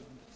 Thank you.